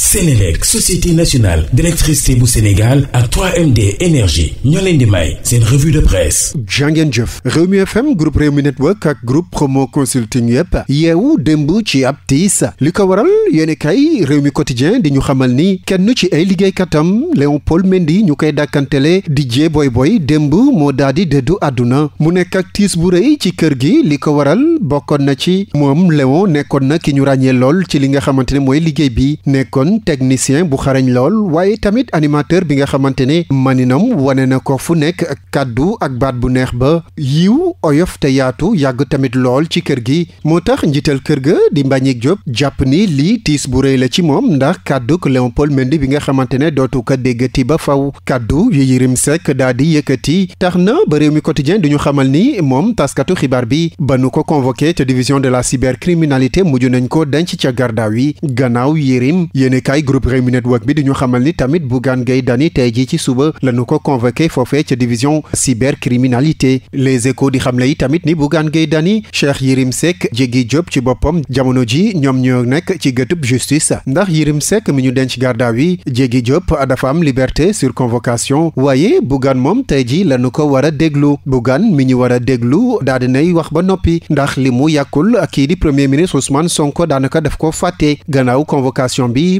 Sénélec société nationale d'électricité bu Sénégal ak 3MD énergie ñoo leen di may seen revue de presse jàngeen jëf Rewmi FM groupe Rewmi Network ak groupe Promo Consulting yëpp yeewu démb ci ab tiis li ko waral yéeni kay Rewmi Quotidien di ñu xamal ni kenn ci ay liggéeykatam Léon Paul Mendy ñu koy dàkkantele di jee boy boy démb moo daal di dëddu àdduna mu nekk ak tiis bu rëy ci kër gi li ko waral bokkoon na ci moom Léon nekkoon na ki ñu ràññee lool ci li nga xamante ne mooy liggéey bi doonoon technicien bu xarañ lool waaye tamit animateur bi nga xamante ne maninam wane na ko fu nekk kàddu ak baat bu neex ba yiw oyof te yaatu yàgg tamit lool ci kër gi moo tax njiital kër ga di Mbagnick Diop jàpp ni lii tiis bu rëy la ci moom ndax kàddu kàdduk Léopold Mendy bi nga xamante ne dootu ko déggati ba faw kàddu yu Yérim Seck daa di yëkkati tax na ba mi quotidien du ñu xamal ni moom taskatu xibaar bi ba nu ko convoqué ca division de la cybercriminalité mujj nañ ko denc ca gardaaw yéenekaay groupe Rewmi Network bi di xamal ni tamit Bougane Gueye Dany tey jii ci suba lañu ko convoqué foofee ca division cybercriminalité les échos di xamle yi tamit ni Bougane Gueye Dany Cheikh Yérim Seck Diégui Diop ci boppam jamono ji ñoom ñoo nekk ci gëtub justice ndax Yérim sekk mi ñu denc garda wi Diégui Diop dafa am liberté sur convocation waaye bu Bougane moom tey jii lañu ko war a déglu Bougane mi ñu war a déglu daal dinay wax ba noppi ndax li mu yàkkul kii di premier ministre Ousmane Sonko daanaka daf ko fàtte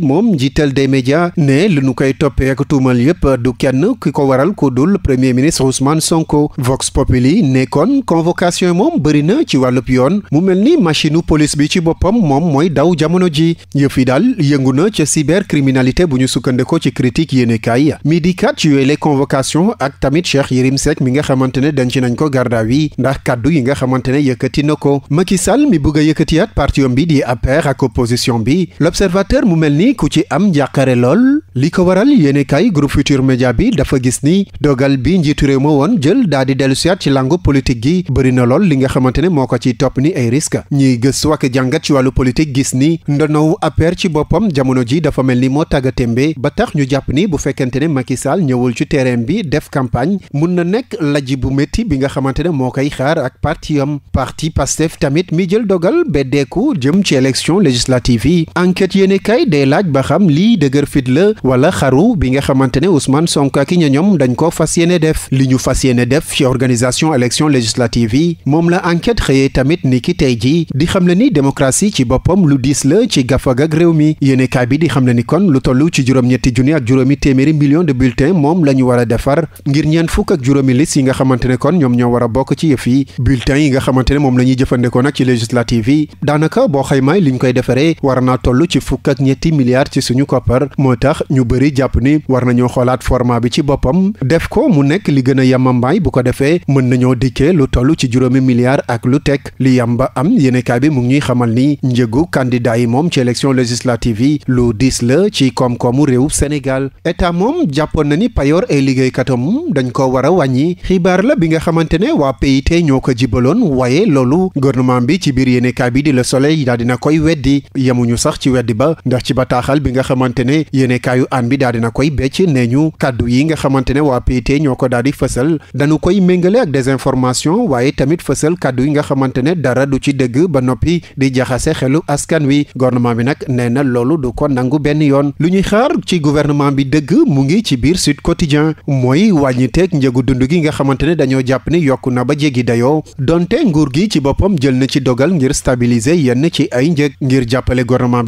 moom njiital de médias ne lu nu koy toppee ak tuumal yépp du kenn ki ko waral ku dul premier ministre Ousmane Sonko Vox Populi ne kon convocation moom bëri na ci wàllub yoon mu mel ni machine police bi ci boppam moom mooy daw jamono ji yëf dal daal yëngu na ca cybercriminalité bu ñu sukkandikoo ci critique yéene kaay mi di kat ci yooyu les convocation ak tamit Cheikh Yérim Seck mi nga xamante ne denc nañ ko garda wi ndax kàddu yi nga xamante ne yëkkati na ko Macky Sall mi bëgg a yëkkatiyaat parti bi di APR ak opposition bi l'observateur mu mel ni ni ku ci am njàqare lool li ko waral yéene kay groupe Futur Média bi dafa gis ni dogal bi njiitu réew ma woon jël daa di dellu siyaat ci langu politique gi bëri na lool li nga xamante ne moo ko ciy topp ni ay risque ñuy gëstu ak jàngat ci wàllu politique gis ni ndonowu APR ci boppam jamono ji dafa mel ni moo tàggatémbe ba tax ñu jàpp ni bu fekkente ne Macky Sall ñëwul ci terrain bi def campagne mun na nekk lajji bu métti bi nga xamante ne moo koy xaar ak parti parti Pastef tamit mi jël dogal beddeeku jëm ci élection laaj ba xam lii dëgër fit la wala xaru bi nga xamante ne Ousmane Sonko ki ña ñoom dañ ko fas yéene def li ñu fas yéene def ci organisation élection législative yi moom la enquête xëyee tamit ni ki ji di xam le ni démocratie ci boppam lu diis la ci gafag ak réew mi yéenekaay bi di xam le ni kon lu toll ci juróom-ñetti junni ak juróomi téeméeri million de bulletins moom la ñu defar ngir ñeent fukk ak juróomi liste yi nga xamante ne kon ñoom ñoo ne moom la ñuy jëfandikoo nag ci législative yi daanaka boo xaymaay li ñu koy milliards ci suñu koppar moo tax ñu bari jàpp ni war nañoo xoolaat format bi ci boppam def ko mu nekk li gën a yemambaay bu ko defee mën nañoo dikkee lu toll ci juróomi milliards ak lu tekk li yam ba am yéenekaay bi mu ngi ñuy xamal ni njëgu candidat yi moom ci élection législative yi lu diis la ci koom-koomu réew Sénégal état moom jàppoon na ni payoor ay liggéeykatam dañ ko war a wàññi xibaar la bi nga xamante ne waa PIT ñoo ko jibaloon waaye loolu gouvernement bi ci biir yéenekaay bi di Le Soleil daal koy weddi yemuñu sax ci weddi bataaxal bi nga xamante ne yéenekaayu bi daal dina koy becc ne ñu kàddu yi nga xamante ne waa PIT ñoo ko daal di fësal dañu koy méngale ak désinformation waaye tamit fësal kàddu yi nga xamante ne dara du ci dégg ba noppi di jaxase xelu askan wi gouvernement bi nag nee na loolu du ko nangu benn yoon lu ñuy xaar ci gouvernement bi dëgg mu ngi ci biir Sud Quotidien mooy wàññiteeg njëgu dund gi nga xamante ne dañoo jàpp ni yokku na ba jéggi dayoo donte gi ci boppam jël na ci dogal ngir stabiliser yenn ci ay njëg ngir jàppale gouvernement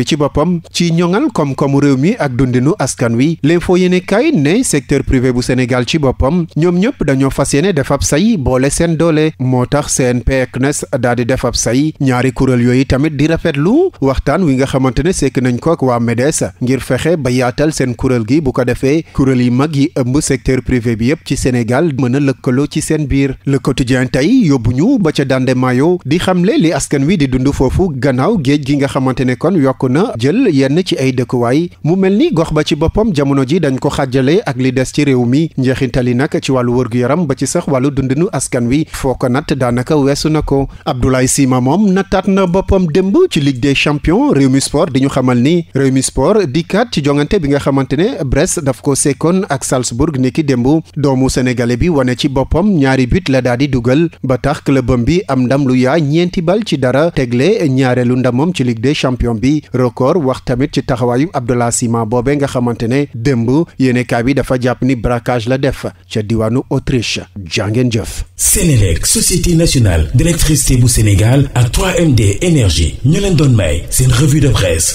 ñeel koom-koomu réew mi ak dundinu askan wi l'info yéene kay ne secteur privé bu Sénégal ci boppam ñoom ñëpp dañoo fas yéene def ab say boole seen doole moo tax seen ak CNES daal di def say ñaari kuréel yooyu tamit di rafetlu waxtaan wi nga xamante ne sekk nañ ko ak waa MEDES ngir fexe ba yaatal seen kuréel gi bu ko defee kuréel yi mag yi ëmb secteur privé bi yépp ci Sénégal mën a lëkkaloo ci seen biir le quotidien tey yóbbu ñu ba ca dande maayo di xamle li foofu ay mu mel ni gox ba ci boppam jamono ji dañ ko xàjjale ak li des ci réew mi njeexintali nag ci wàllu wërgu-yaram ba ci sax wàllu dundinu askan wi foo ko nat daanaka weesu na ko Abdoulaye Sima moom nataat na boppam démb ci Ligue des champions Rewmi Sport di ñu xamal ni Rewmi Sport dikkaat ci jongante bi nga xamante ne Brest daf ko sekkoon ak Salzbourg niki démb doomu sénégalais bi wane ci boppam ñaari but la daal di dugal ba tax clubam bi am ndam lu yaa ñeenti bal ci dara tegle ñaareelu ndamam taxawaayu Abdallah Sima boobee nga xamante ne démb yéenekaay bi dafa jàpp ni braquage la def ca diwaanu Autriche jàngeen jëf. Sénélec société nationale d'électricité bu Sénégal ak 3MD énergie ñu leen doon may seen revue de presse.